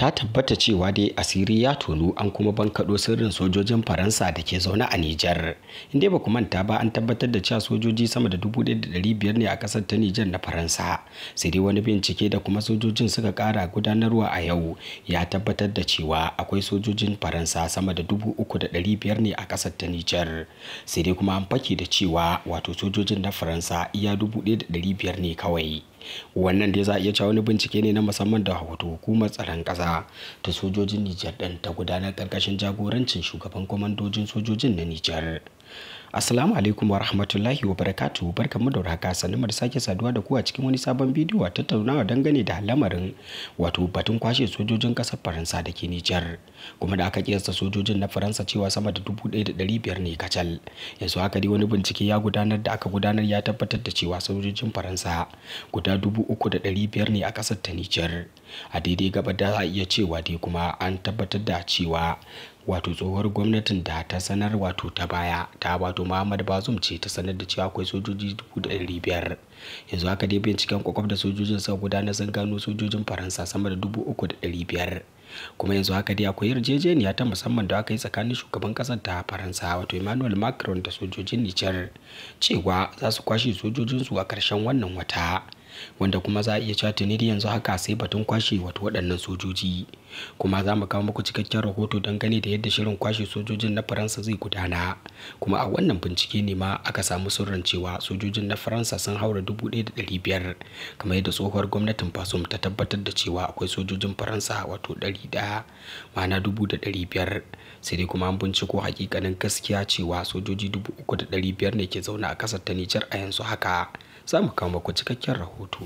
ta tabbata cewa dai asiri ya tonu an kuma bankaɗo sirrin sojojin faransa da ke zaune a nijar inda ba ku manta ba an tabbatar da cewa sojoji sama da 1,500 ne a ƙasar ta nijar na faransa sai dai wani bincike da kuma sojojin suka ƙara gudanarwa a yau ya tabbatar da cewa akwai sojojin faransa sama da 3,500 ne a ƙasar ta nijar sai dai kuma an fake da cewa wato sojojin na faransa iya 1,500 ne kawai wannan dai za a iya cewa wani bincike ne na musamman da hukumar tsaron ƙasa ta sojojin Nijar ɗin ta gudanar ƙarƙashin jagorancin shugaban kwamandojin sojojin na Nijar. Assalamu alaikum wa rahmatullahi wa barakatu barkanmu da warhaka sannu da sake saduwa da ku a cikin wani sabon bidiyo a tattaunawa dangane da lamarin wato batun kwashe sojojin ƙasar Faransa da ke Nijar kuma da aka kiyasta sojojin na Faransa cewa sama da dubu ɗaya biyar ne kacal yanzu haka dai wani bincike ya gudanar da aka gudanar ya tabbatar da cewa sojojin Faransa guda 3,500 ne a kasar ta Nijar a daidai gaba da za a iya ya cewa dai kuma an tabbatar da cewa wato tsohuwar gwamnatin da ta sanar wato ta baya ta wato Muhammad Bazum ce ta sanar da cewa akwai sojoji biyar yanzu haka dai binciken kwakwaf da sojojin guda gudanar sun gano sojojin Faransa sama da 3,500 kuma yanzu haka dai akwai yarjejeniya ta musamman da aka yi tsakanin shugaban kasar ta Faransa wato Emmanuel Macron da sojojin Nijar cewa za su kwashe sojojinsu a ƙarshen wannan wata wanda kuma za a iya cewa tuni yanzu haka sai batun kwashe wato waɗannan sojoji kuma za mu kawo muku cikakken rahoto don gani da yadda shirin kwashe sojojin na faransa zai gudana kuma a wannan bincike ne ma aka samu sirrin cewa sojojin na faransa sun haura dubu ɗaya da ɗari biyar kamar yadda tsohuwar gwamnatin mu ta tabbatar da cewa akwai sojojin faransa wato ɗari ɗaya ma'ana dubu da ɗari biyar sai dai kuma an binciko hakikanin gaskiya cewa sojoji dubu uku da ɗari biyar ne ke zauna a ƙasar ta nijar a yanzu haka za mu kawo muku cikakken rahoto.